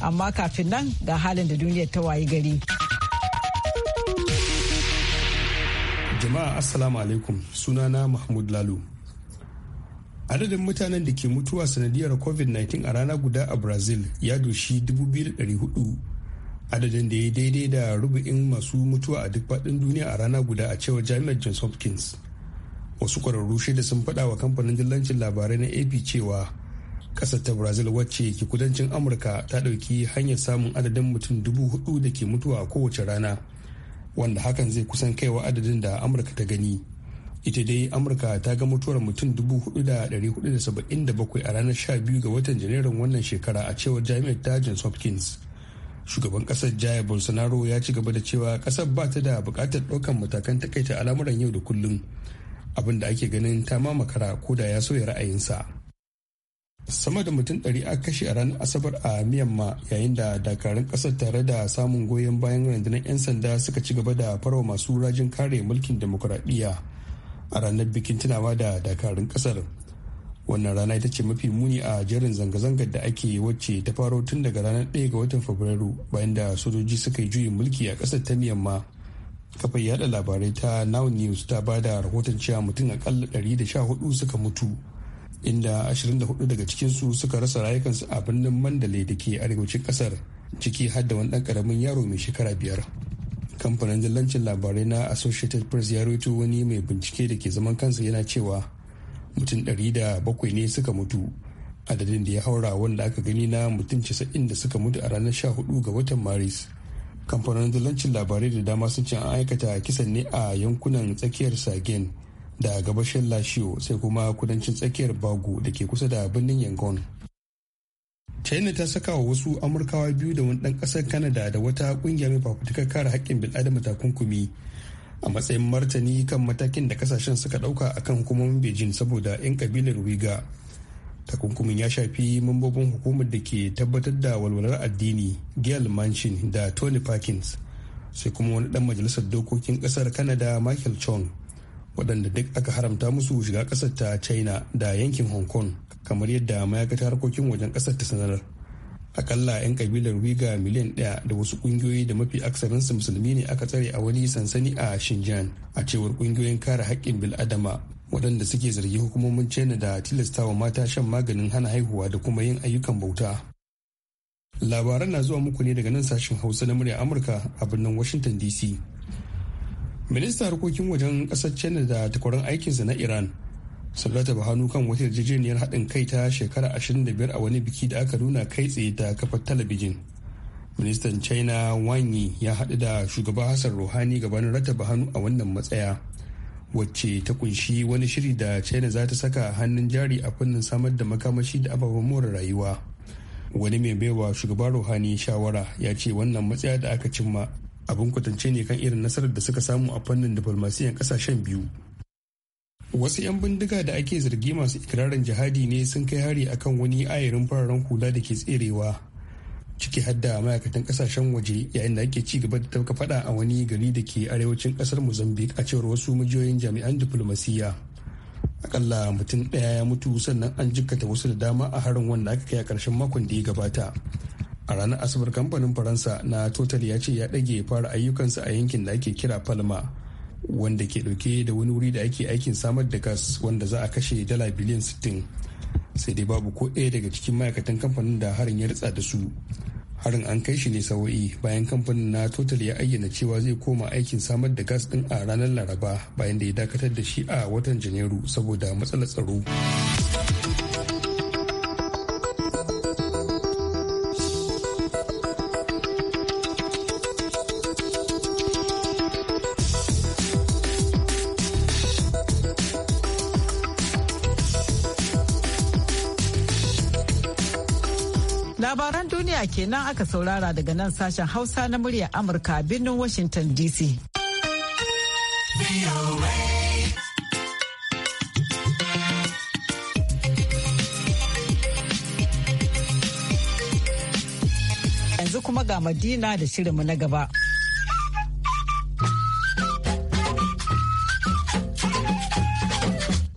amma kafin nan ga halin da duniyar ta wayi gari. Jama'a Assalamu alaikum sunana Mahmud lalu Adadin mutanen da ke mutuwa sanadiyar COVID-19 a rana guda a Brazil ya doshi 2,400 adadin da ya daidai da rubu'in masu mutuwa a duk faɗin duniya a rana guda a cewar jami'ar Johns Hopkins. Wasu ƙwararru shida sun faɗa wa kamfanin dillancin labarai na AP cewa ƙasar ta brazil wacce ke kudancin amurka ta dauki hanyar samun adadin mutum dubu hudu da ke mutuwa kowace rana wanda hakan zai kusan kaiwa adadin da amurka ta gani ita dai amurka ta ga mutuwar mutum dubu hudu da bakwai a ranar sha biyu ga watan janairun wannan shekara a cewar jami'ar ta johns hopkins shugaban kasar jaya bolsonaro ya ci gaba da cewa kasar ba ta da bukatar ɗaukar matakan takaita al'amuran yau da kullum abin da ake ganin ta mamakara ko da ya sauya ra'ayinsa sama da mutum ɗari a kashe a ranar asabar a miyamma yayin da dakarun ƙasar tare da samun goyon bayan rundunar 'yan sanda suka ci gaba da farwa masu rajin kare mulkin demokuraɗiyya a ranar bikin tunawa da dakarun ƙasar wannan rana ita ce mafi muni a jerin zanga-zangar da ake wacce ta faro tun daga ranar 1 ga watan fabrairu bayan da sojoji suka yi juyin mulki a ƙasar ta myanmar kafar yada labarai ta now news ta bada rahoton cewa mutum akalla hudu suka mutu inda 24 daga cikinsu suka rasa rayukansu a birnin mandalay da ke arewacin kasar ciki har da wani dan karamin yaro mai shekara biyar kamfanin dillancin labarai na associated press ya rawaito wani mai bincike da ke zaman kansa yana cewa mutum ɗari da ne suka mutu adadin da ya haura wanda aka gani na mutum casa'in da suka mutu a ranar sha hudu ga watan maris kamfanin dillancin labarai da dama sun ce an aikata kisan ne a yankunan tsakiyar sagen da gabashin Lashio sai kuma kudancin tsakiyar Bago da ke kusa da birnin Yangon. China ta saka wa wasu Amurkawa biyu da wani ɗan ƙasar Canada da wata ƙungiya mai fafutukar kare haƙƙin bil'adama takunkumi a matsayin martani kan matakin da kasashen suka ɗauka akan hukumomin Beijing saboda 'yan kabilar wiga takunkumin ya shafi mambobin hukumar da ke tabbatar da walwalar addini gail manchin da tony parkins sai kuma wani dan majalisar dokokin kasar canada michael chong waɗanda duk aka haramta musu shiga ƙasar ta china da yankin hong kong kamar yadda ma'aikatar harkokin wajen ƙasar ta sanar akalla 'yan kabilar wiga miliyan ɗaya da wasu ƙungiyoyi da mafi aksarinsu musulmi ne aka tsare a wani sansani a shinjan a cewar ƙungiyoyin kare haƙƙin bil'adama waɗanda suke zargi hukumomin china da tilastawa mata shan maganin hana haihuwa da kuma yin ayyukan bauta labaran na zuwa muku ne daga nan sashen hausa na murya amurka a birnin washington dc Minista harkokin wajen ƙasar china da takwarar aikinsa na iran sun Buhari kan wata yarjejeniyar haɗin kai ta shekara 25 a wani biki da aka nuna kai tsaye ta kafar talabijin ministan china wanyi ya haɗu da shugaba hassan ruhani gabanin rata hannu a wannan matsaya wacce ta kunshi wani shiri da china za ta saka hannun jari a fannin samar da makamashi da ababen more rayuwa wani mai baiwa shugaba Rouhani shawara ya ce wannan matsaya da aka cimma abin kwatance ne kan irin nasarar da suka samu a fannin diflomasiyan kasashen biyu wasu 'yan bindiga da ake zargi masu ikirarin jihadi ne sun kai hari akan wani ayarin fararen kula da ke tserewa ciki hadda ma'aikatan kasashen waje yayin da ake ci gaba da tafka fada a wani gari da ke arewacin kasar mozambique a cewar wasu majiyoyin jami'an diflomasiyya akalla mutum daya ya mutu sannan an jikkata wasu da dama a harin wanda aka kai a ƙarshen makon da ya gabata a ranar asabar kamfanin faransa na total ya ce ya ɗage fara ayyukansa a yankin da ake kira palma wanda ke ɗauke da wani wuri da ake aikin samar da gas wanda za a kashe dala biliyan 60 sai dai babu ko ɗaya daga cikin ma'aikatan kamfanin da harin ya ritsa da su harin an kai shi ne sawa'i bayan kamfanin na total ya ayyana cewa zai koma aikin samar da gas ɗin a ranar laraba bayan da ya dakatar da shi a watan janairu saboda matsalar tsaro kenan aka saurara daga nan sashen Hausa na muryar Amurka birnin Washington DC. Yanzu kuma ga Madina da shirinmu na gaba.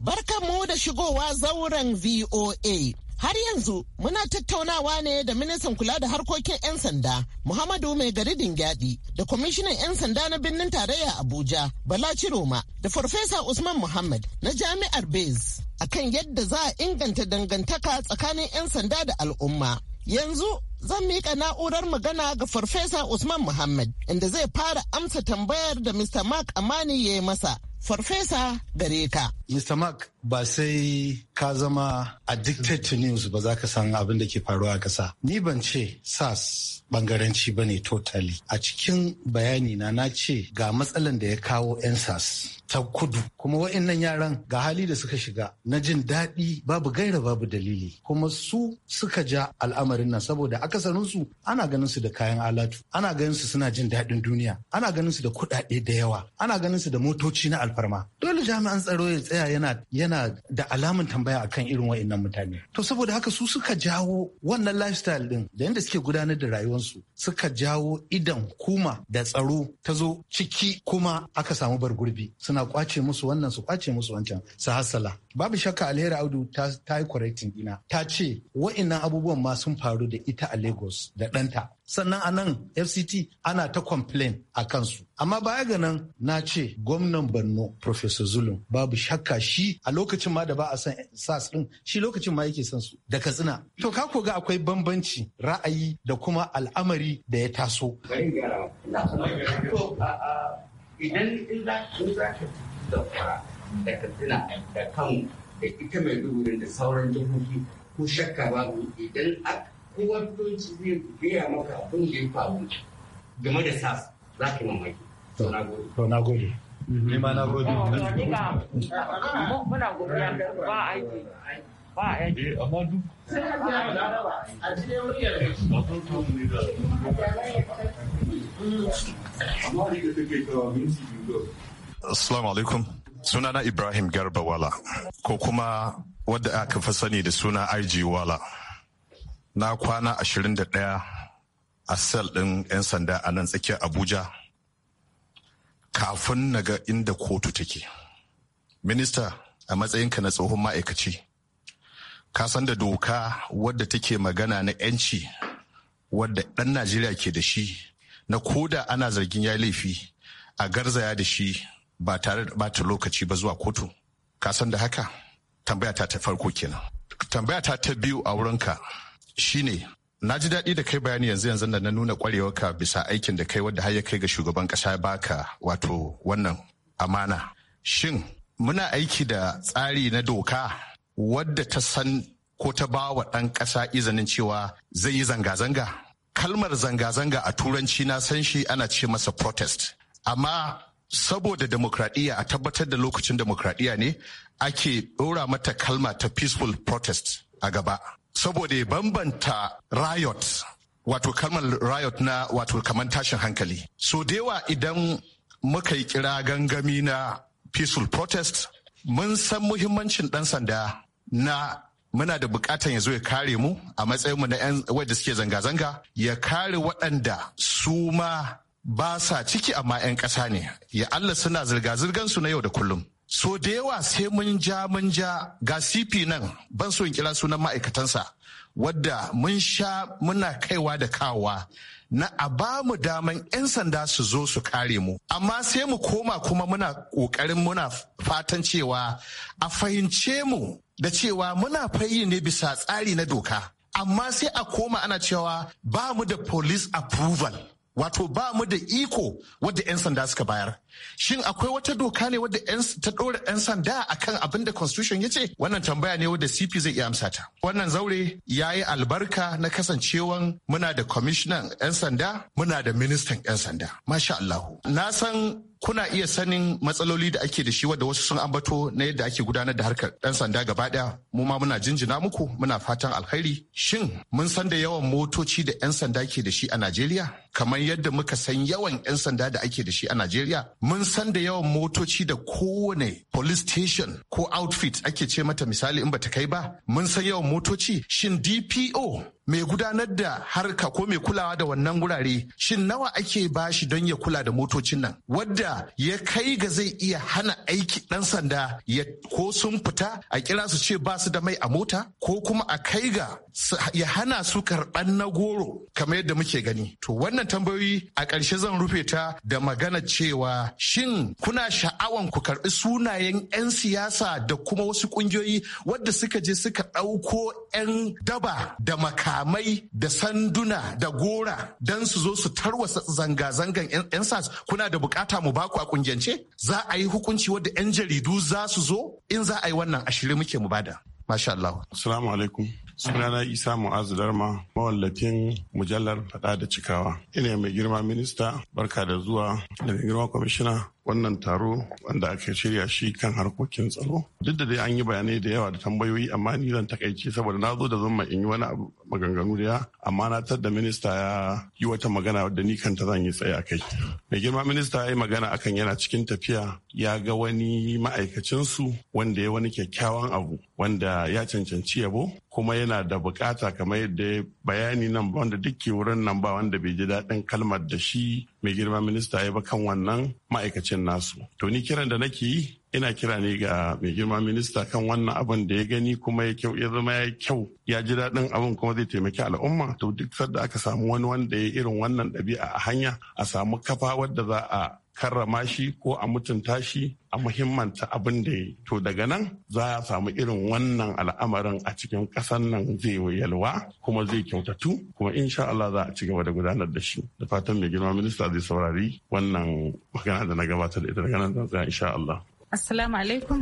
Barkanmu da shigowa zauren VOA. Har yanzu muna tattaunawa ne da ministan kula da harkokin 'yan sanda Muhammadu Mai Garidin Gyaɗi da kwamishinan 'yan sanda na birnin tarayya Abuja Bala Ciroma da Farfesa Usman Muhammad na Jami'ar Bez a kan yadda za a inganta dangantaka tsakanin 'yan sanda da al'umma. Yanzu zan miƙa na'urar magana ga Farfesa Usman Muhammad inda zai fara amsa tambayar da Mr. Mark Amani ya yi masa. Farfesa gare ka. Mr. Mark ba sai ka zama addicted to news ba za ka san abin da ke faruwa a ƙasa. Ni ban ce SAS bangaranci ba ne totally. A cikin bayani na na ce ga matsalan da ya kawo 'yan SAS ta kudu kuma nan yaran ga hali da suka shiga na jin daɗi babu gaira babu dalili kuma su suka ja al'amarin nan saboda akasarinsu ana ganin su da kayan alatu ana ganin su suna jin daɗin duniya ana ganin su da kuɗaɗe da yawa ana ganin su da motoci na alfarma dole jami'an tsaro ya tsaya yana yana da alamun tambaya tambaya kan irin wa'annan mutane to saboda haka su suka jawo wannan lifestyle din da yadda suke gudanar da rayuwarsu suka jawo idan kuma da tsaro ta zo ciki kuma aka samu bargurbi suna kwace musu wannan su kwace musu wancan su hassala babu shakka alheri audu ta yi correcting dina ta ce wa'annan abubuwan ma sun faru da ita a lagos da ɗanta sannan a nan fct ana ta complain a kansu amma baya ga nan na ce gwamnan borno professor zulum babu shakka shi a lokacin ma da ba a san sas din shi lokacin ma yake son su da katsina to ka ko ga akwai bambanci ra'ayi da kuma al'amari da ya taso idan in za da da katsina da kan da ita mai duburin da sauran jihohi ko shakka babu idan aka kowa fitoci zai gaya maka abin da ya faru game da sas za ka yi mamaki to na gode ni ma na gode oh, muna godiya ba a aiki ba a aiki eh, amma duk sai ka ji a cikin muryar ba ta samu ne da amma da take kawo minti biyu assalamu alaikum sunana ibrahim garba wala ko kuma wadda aka fi sani da suna ig wala na kwana 21 a sel ɗin 'yan sanda a nan tsakiyar abuja kafin na ga inda kotu take minista a matsayinka na tsohon ma'aikaci ka san da doka wadda take magana na 'yanci wadda ɗan najeriya ke da shi na koda ana zargin ya laifi a garzaya da shi ba tare da bata lokaci ba zuwa kotu ka san da haka tambaya ta ta farko kenan tambaya ta ta biyu a wurinka shine na ji daɗi da kai bayani yanzu yanzu da na nuna ka bisa aikin da kai wadda har ya kai ga shugaban ƙasa baka wato wannan amana shin muna aiki da tsari na doka wadda ta san ko ta ba wa ɗan ƙasa izinin cewa zai yi zanga-zanga kalmar zanga-zanga a turanci na san shi ana ce masa protest amma saboda demokradiyya a tabbatar da lokacin demokradiyya ne ake ɗora mata kalma ta peaceful protest a gaba saboda ya bambanta riot wato kalmar riot na wato kamar tashin hankali so da idan muka yi kira gangami na peaceful protest mun san muhimmancin dan sanda na muna da bukatan ya zo ya kare mu a matsayin mu na 'yan wadda suke zanga-zanga ya kare waɗanda su ma ba sa ciki amma 'yan ƙasa ne ya Allah suna zirga-zirgansu na yau da kullum so da yawa sai mun ja mun ja ga cp nan ban so in kira sunan ma'aikatansa wadda mun sha muna kaiwa da kawa na a ba mu daman 'yan sanda su zo su kare mu amma sai mu koma kuma muna ƙoƙarin muna fatan cewa a fahimce mu da cewa muna fayi ne bisa tsari na doka amma sai a koma ana cewa ba mu da police approval wato ba mu da iko wadda 'yan sanda suka bayar shin akwai wata doka ne wadda ta ɗora 'yan sanda akan abin da constitution ya ce wannan tambaya ne wadda cp zai iya amsa ta wannan zaure ya yi albarka na kasancewan muna da commissioner 'yan sanda muna da ministan 'yan sanda masha allahu na san kuna iya sanin matsaloli da ake da shi wadda wasu sun ambato na yadda ake gudanar da harkar ɗan sanda gaba daya. mu ma muna jinjina muku muna fatan alkhairi shin mun san da yawan motoci da 'yan sanda ke da shi a najeriya kamar yadda muka san yawan 'yan sanda da ake da shi a najeriya mun san da yawan motoci da kowane police station ko outfit ake ce mata misali in bata kai ba mun san yawan motoci shin dpo mai gudanar da harka ko mai kulawa da wannan gurare shin nawa ake bashi don ya kula da motocin nan wadda da ya kai ga zai iya hana aiki ɗan sanda ya ko sun fita a kira su ce ba su da mai a mota ko kuma a kai ga ya hana su karɓan na goro kamar yadda muke gani. To wannan tambayoyi a ƙarshe zan rufe ta da magana cewa shin kuna sha'awan ku karɓi sunayen 'yan siyasa da kuma wasu ƙungiyoyi wadda suka je suka ɗauko 'yan daba da makamai da sanduna da gora don su zo su tarwasa zanga-zangan 'yan sas kuna da bukata mu ba ba ku a kungiyance za a yi hukunci wadda 'yan jaridu za su zo in za a yi wannan a shirye muke mu bada. Masha Allah. Assalamu alaikum. sunana isa mu'azu darma mawallafin mujallar faɗa da cikawa ina mai girma minista barka da zuwa da mai girma kwamishina wannan taro wanda aka shirya shi kan harkokin tsaro duk da dai an yi bayanai da yawa da tambayoyi amma ni zan takaice saboda na zo da zuma in yi wani abu maganganu da amma na tadda minista ya yi wata magana da ni kanta zan yi tsaye a kai mai girma minista ya yi magana akan yana cikin tafiya ya ga wani ma'aikacinsu wanda ya wani kyakkyawan abu wanda ya cancanci yabo kuma yana da bukata kamar yadda bayani nan wanda duk ke wurin nan ba wanda bai ji daɗin kalmar da shi mai girma minista ya ba kan wannan ma'aikacin nasu to ni kiran da nake yi ina kira ne ga mai girma minista kan wannan abin da ya gani kuma ya kyau ya zama ya kyau ya ji daɗin abin kuma zai taimaki al'umma to duk sadda aka samu wani wanda ya irin wannan ɗabi'a a hanya a samu kafa wadda za a karrama shi ko a mutunta shi a muhimmanta abin da ya to daga nan za a samu irin wannan al'amarin a cikin ƙasan nan zai yalwa kuma zai kyautatu kuma insha Allah za a ci gaba da gudanar da shi da fatan mai girma minista zai saurari wannan magana da na gabatar da ita daga nan zan insha Allah Assalamu alaikum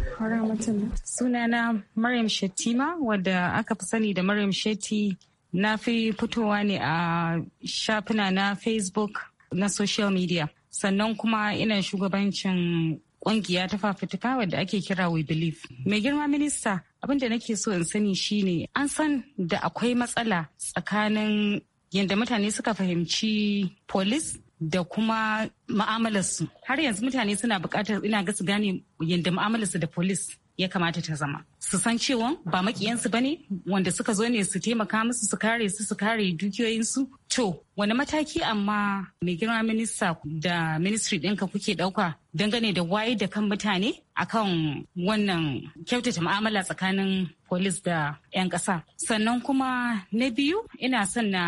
Suna Sunana Maryam Shettima wadda aka fi sani da Maryam Shetti na fi fitowa ne a shafina na Facebook na social media. Sannan kuma ina shugabancin ƙungiya ta fafutuka wadda ake kira We Believe. Mai girma minista abin da nake so in sani shine an san da akwai matsala tsakanin yadda mutane suka fahimci police da kuma ma'amalarsu har yanzu mutane suna bukatar ina ga su gane yadda ma'amalarsu da polis ya kamata ta zama su san cewa ba makiyansu ne wanda suka zo ne su taimaka musu su kare su su kare dukiyoyinsu to wani mataki amma mai girma minista da ministry ɗinka kuke ɗauka dangane da waye da kan mutane akan wannan kyautata ma'amala tsakanin polis da 'yan ƙasa sannan kuma na biyu ina son na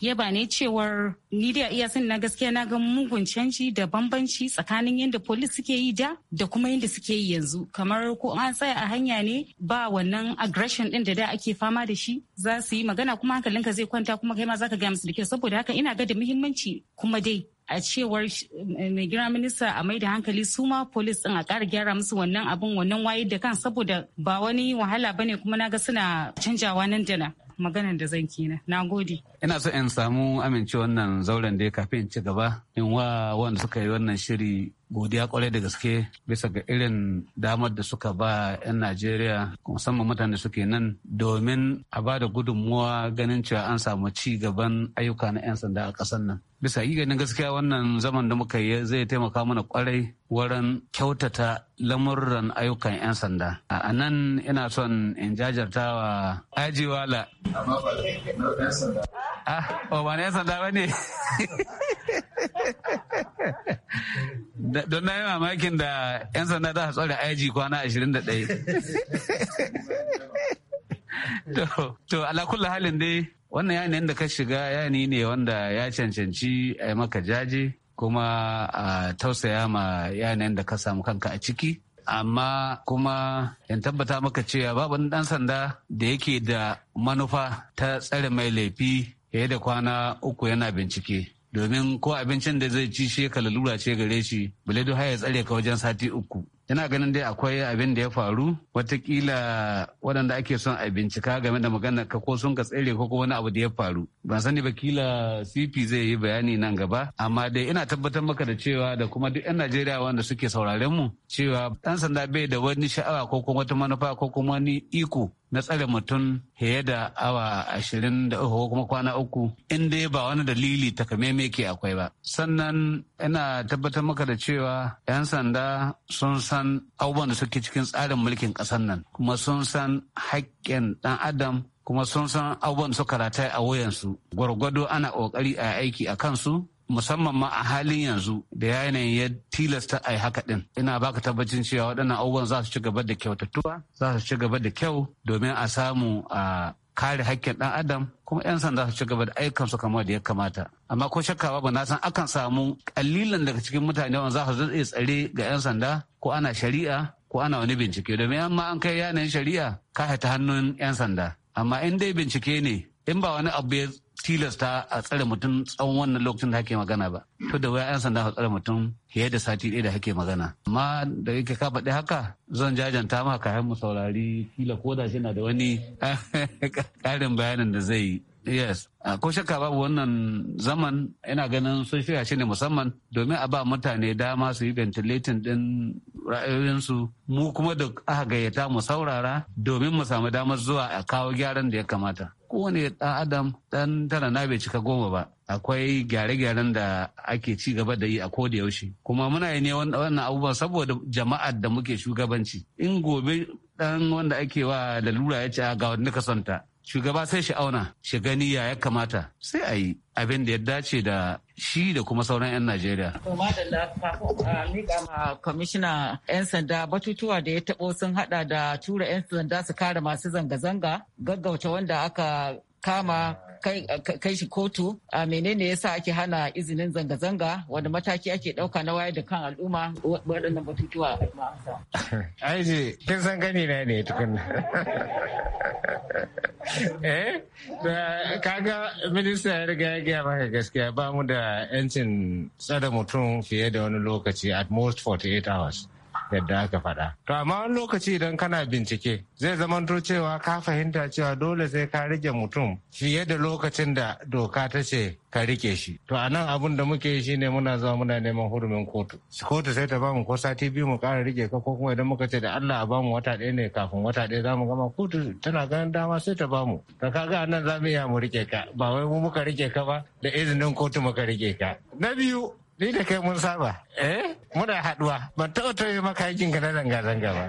yaba ne cewar ni da iya son na gaskiya na ga mugun canji da bambanci tsakanin yadda polis suke yi da da kuma yadda suke yi yanzu kamar ko an tsaya a hanya ne ba wannan aggression din da da ake fama da shi za su yi magana kuma hankalinka zai kwanta kuma kai ma za ka gaya musu da kyau saboda haka ina ga da muhimmanci kuma dai a cewar eh, mai girma minista a mai da hankali su ma polis din a kara gyara musu wannan abin wannan waye da kan saboda ba wani wahala bane kuma na ga suna canjawa nan da na maganar da zan kenan na gode ina so in samu amince wannan zauren da ya kafin ci gaba in wa wanda suka yi wannan shiri godiya kwarai da gaske bisa ga irin damar da suka ba 'yan Najeriya musamman mutane suke nan domin a ba da gudunmuwa ganin cewa an samu ci gaban ayyuka na 'yan sanda a ƙasar nan. Bisa yi ganin gaskiya wannan zaman da muka yi zai taimaka mana kwarai wurin kyautata lamurran ayyukan 'yan sanda. A nan ina son in jajartawa wa ajiwala. Amma ba ah, 'yan sanda ba ne. Don na yi mamakin da 'yan sanda za su tsare aji kwana 21. To, alakulla halin dai wannan yanayin da ka shiga yani ne wanda ya cancanci a maka jaje kuma a tausaya ma yanayin da ka samu kanka a ciki. amma kuma in tabbata maka cewa babu ɗan sanda da yake da manufa ta tsare mai laifi fiye da kwana uku yana bincike domin ko abincin da zai ci shi ka lalura ce gare shi bale duk ya tsare ka wajen sati uku yana ganin dai akwai abin da ya faru watakila waɗanda ake son a bincika game da magana ka ko sun ka tsere ko wani abu da ya faru ban sani ba kila cp zai yi bayani nan gaba amma dai ina tabbatar maka da cewa da kuma duk 'yan najeriya wanda suke sauraren mu cewa ɗan sanda bai da wani sha'awa ko kuma wata manufa ko kuma wani iko na tsare mutum fiye da awa ashirin da uku kuma kwana uku in dai ba wani dalili takameme ke akwai ba sannan ina tabbatar maka da cewa 'yan sanda sun san abubuwan da suke cikin tsarin mulkin ƙasar nan kuma sun san haƙƙin ɗan adam kuma sun san abubuwan suka rataye a wuyansu gwargwado ana ƙoƙari a aiki a kansu musamman ma a halin yanzu da yanayin ya tilasta a yi haka din ina baka tabbacin cewa waɗannan abubuwan za su ci gaba da kyautattuwa za su ci gaba da kyau domin a samu a kare hakkin ɗan adam kuma 'yan sanda su ci gaba da su kamar da ya kamata amma ko shakka babu na san akan samu kalilan daga cikin mutane wanda za su iya tsare ga 'yan sanda ko ana shari'a ko ana wani bincike domin amma an kai yanayin shari'a ka ta hannun 'yan sanda amma in dai bincike ne in ba wani abu ya tilasta a tsare mutum tsawon wannan lokacin da hake magana ba to da wuya 'yan sanda a tsare mutum fiye da sati ɗaya da hake magana amma da yake ka faɗi haka zan jajanta ma kayan mu saurari tila ko da shi na da wani ƙarin bayanin da zai yi Yes, ko shakka babu wannan zaman yana ganin sun shirya shi ne musamman domin a ba mutane dama su yi ventilating din ra'ayoyinsu mu kuma da aka gayyata mu saurara domin mu samu damar zuwa a kawo gyaran da ya kamata. Kowane ɗan adam ɗan tara na bai cika goma ba. akwai gyare-gyaren da ake ci gaba da yi a da yaushe kuma muna yi ne wannan abubuwan saboda jama'ar da muke shugabanci in gobe ɗan wanda ake wa lalura ya ce ah, ga wanda ka sonta shugaba sai shi auna shi gani ya kamata sai a yi abin da ya dace da shi da kuma sauran 'yan Najeriya. kwamishina 'yan sanda batutuwa da ya taɓo sun hada da tura 'yan sanda su kare masu zanga-zanga gaggauta wanda aka kama kai shi kotu a menene yasa ake hana izinin zanga-zanga wani mataki ake dauka na wayar da kan al'umma waɗannan batutuwa ji kin san gani na ne tukun eh kaga minista ya riga ya gaya maka gaskiya ba mu da 'yancin tsada mutum fiye da wani lokaci at most 48 hours yadda aka faɗa. To amma wani lokaci idan kana bincike zai zamanto cewa ka fahimta cewa dole sai ka rike mutum fiye da lokacin da doka ta ce ka rike shi. To a nan abin da muke yi shine muna zuwa muna neman hurumin kotu. Kotu sai ta bamu ko sati biyu mu ƙara rike ka ko kuma idan muka ce da Allah a bamu wata ɗaya ne kafin wata ɗaya za mu gama kotu tana ganin dama sai ta bamu. ka kaga nan za mu iya mu rike ka ba wai mu muka rike ka ba da izinin kotu muka rike ka. Na biyu Ni da kai mun saba. Eh? Muna haduwa. Ban taɓa tauye maka yakin ka na zanga-zanga ba.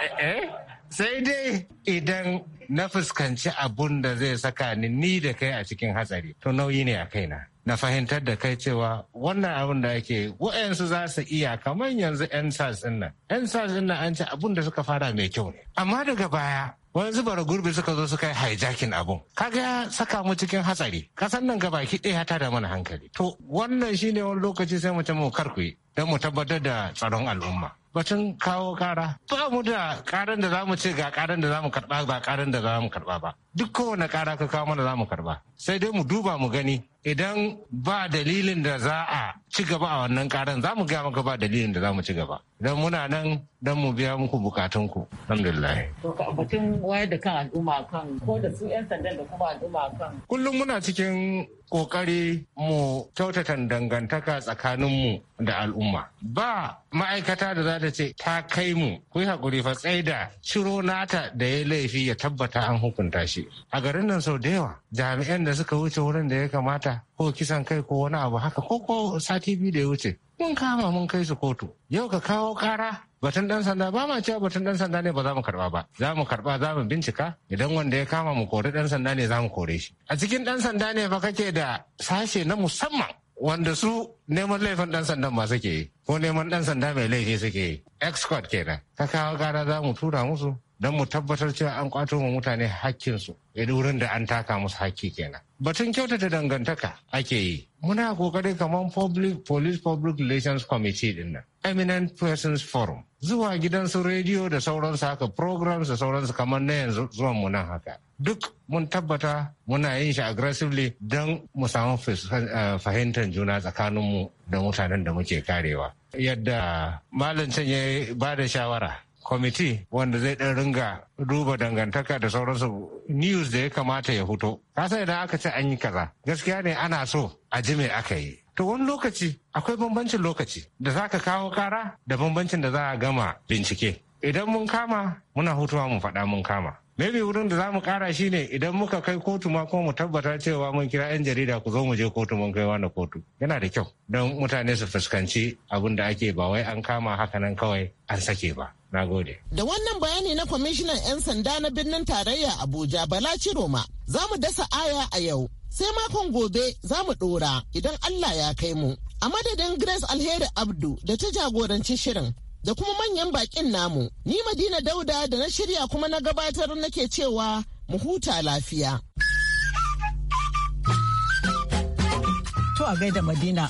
Eh? eh? Sai dai idan na fuskanci abun da zai saka ni ni da kai a cikin hatsari. To nauyi ne a kaina. na fahimtar da kai cewa wannan abun da ake wa'yansu za su iya kamar yanzu 'yan sas nan 'yan sas nan an ce abun da suka fara mai kyau ne amma daga baya wanzu bara gurbi suka zo suka yi hijakin abun kaga saka mu cikin hatsari kasan nan ki ɗaya ta da mana hankali to wannan shine wani lokaci sai mu ce mu kar ku don mu tabbatar da tsaron al'umma. Batun kawo kara. Ba mu da karan da za mu ce ga karan da za mu karba ba karan da za mu karba ba. Duk kowane kara ka kawo mana za mu karba. Sai dai mu duba mu gani idan ba dalilin da za a ci gaba a wannan karan za mu gaya maka ba dalilin da za mu ci gaba. Idan muna nan don mu biya muku bukatunku. Alhamdulillah. To batun wayar da kan al'umma kan ko da su 'yan sandan da kuma al'umma kan. Kullum muna cikin kokari mu kyautata dangantaka tsakaninmu da al'umma. Ba ma'aikata da za ta ce ta kai mu ku yi haƙuri fa tsaida ciro nata da ya laifi ya tabbata an hukunta shi. A garin nan sau da yawa jami'an da suka wuce wurin da ya kamata ko kisan kai ko wani abu haka ko ko sati biyu da ya wuce mun kama mun kai su kotu yau ka kawo kara batun dan sanda ba ma cewa batun dan sanda ne ba za mu karba ba za mu karba za mu bincika idan wanda ya kama mu kore dan sanda ne za mu kore shi a cikin dan sanda ne fa kake da sashe na musamman wanda su neman laifin dan sandan ba suke yi ko neman dan sanda mai laifi suke yi escort kenan ka kawo gara za mu tura musu don mu tabbatar cewa an kwato mu mutane hakkinsu wurin da an taka musu hakki kenan batun kyautata dangantaka ake yi muna kokarin kamar public police public relations committee din nan eminent persons forum zuwa gidan su rediyo da sauransu haka programs da sauransu kamar na yanzu zuwan mu nan haka duk mun tabbata muna yin shi aggressively don mu samu eh, fahimtar juna tsakaninmu da mutanen da muke karewa yadda malam can ya ba da shawara kwamiti wanda zai ɗan ringa duba dangantaka da sauransu news da ya kamata ya huto kasa idan aka ce an yi kaza gaskiya ne ana so a ji me aka yi to wani lokaci akwai bambancin lokaci da za ka kawo kara da bambancin da za a gama bincike idan mun kama muna hutuwa mu faɗa mun kama maybe wurin da za mu kara shi ne idan muka kai kotu ma ko mu tabbata cewa mun kira 'yan jarida ku zo mu je kotu mun kai wani kotu yana da kyau don mutane su fuskanci abin da ake ba wai an kama haka nan kawai an sake ba na gode da wannan bayani na kwamishinan 'yan sanda na birnin tarayya abuja bala ciroma za mu dasa aya a yau sai makon gobe za mu ɗora idan allah ya kai mu a madadin grace alheri abdu da ta jagoranci shirin da kuma manyan bakin namu. Ni Madina Dauda da na shirya kuma na gabatar nake cewa mu huta lafiya. To a gaida Madina.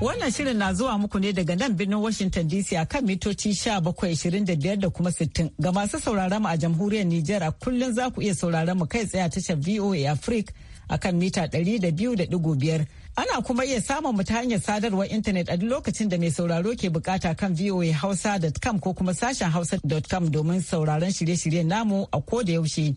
Wannan shirin na zuwa muku ne daga nan birnin Washington DC a kan mitoci 1725 da kuma 60. Ga masu sauraron mu a jamhuriyar Nijar a kullum za ku iya sauraron mu kai tsaye a tashar VOA Africa a kan mita 200.5. Ana kuma iya samun mu ta hanyar sadarwar intanet a duk lokacin da mai sauraro ke bukata kan voahausa.com ko kuma sashen hausa.com domin sauraron shirye-shiryen namu a ko da yaushe.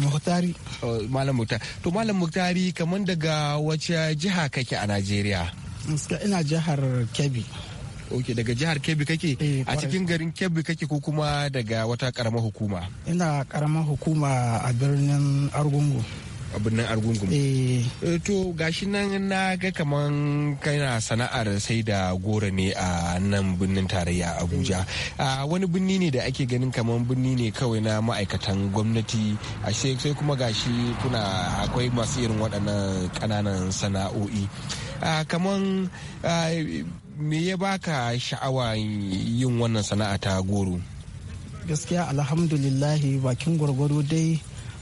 Muhtari. Oh, Malam Muhtari. To Malam Muhtari kamar daga wace jiha kake a Najeriya? Ina jihar Kebbi. ok daga jihar kebbi kake eh, a cikin garin kebbi kake ko kuma daga wata karamar hukuma ina karamar hukuma a birnin argungu abin nan argungun eh. Eh, to gashi nan na ga kaman kana sana'ar sai da goro ne a nan birnin tarayya abuja mm. a ah, wani birni ne da ake ganin kaman birni ne kawai na ma'aikatan gwamnati a sai kuma gashi kuna akwai masu irin waɗannan ƙananan sana'o'i ah, kaman ah, me ya baka sha'awa yin wannan sana'a ta goro gaskiya alhamdulillahi bakin gwargwaro dai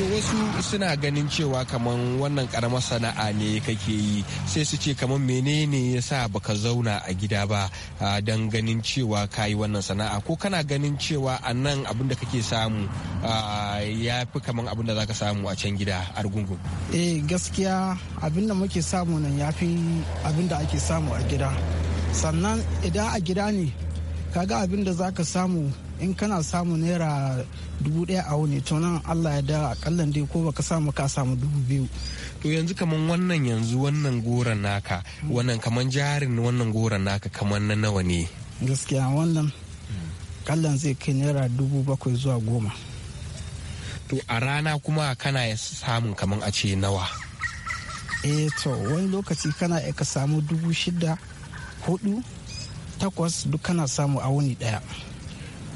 to wasu suna ganin cewa kaman wannan karamar sana'a ne kake yi sai su ce kaman menene ya sa baka zauna a gida ba don ganin cewa ka yi wannan sana'a ko kana ganin cewa a nan abin kake samu ya fi kaman abin da zaka samu a can gida a rugungun eh gaskiya abin muke samu nan ya fi abin ake samu a gida sannan idan a gida ne kaga abin da zaka samu in kana samu naira dubu daya a wuni to nan allah ya da akalla dai ko baka samu ka samu dubu biyu to yanzu kaman wannan yanzu wannan goran naka wannan kaman jarin wannan goran naka kaman na nawa ne gaskiya wannan kallon zai kai naira dubu bakwai zuwa goma to a rana kuma kana samun kaman a ce nawa eh to wani lokaci kana ka samu dubu shida hudu takwas duk kana samu a wuni daya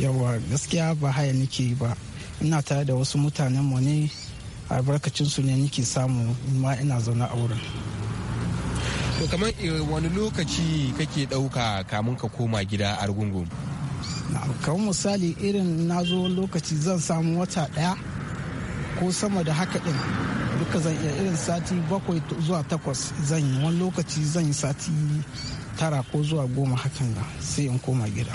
yawa gaskiya ba haya nake ba ina tare da wasu mutanen mu ne albarkacin su ne nake samu ma ina zaune a wurin to kamar eh, wani lokaci kake ɗauka kamun ka koma gida a rugungun kamar misali irin na zo lokaci zan samu wata ɗaya ko sama da haka ɗin duka zan iya irin sati bakwai zuwa takwas zan yi wani lokaci zan yi sati tara ko zuwa goma hakan sai in koma gida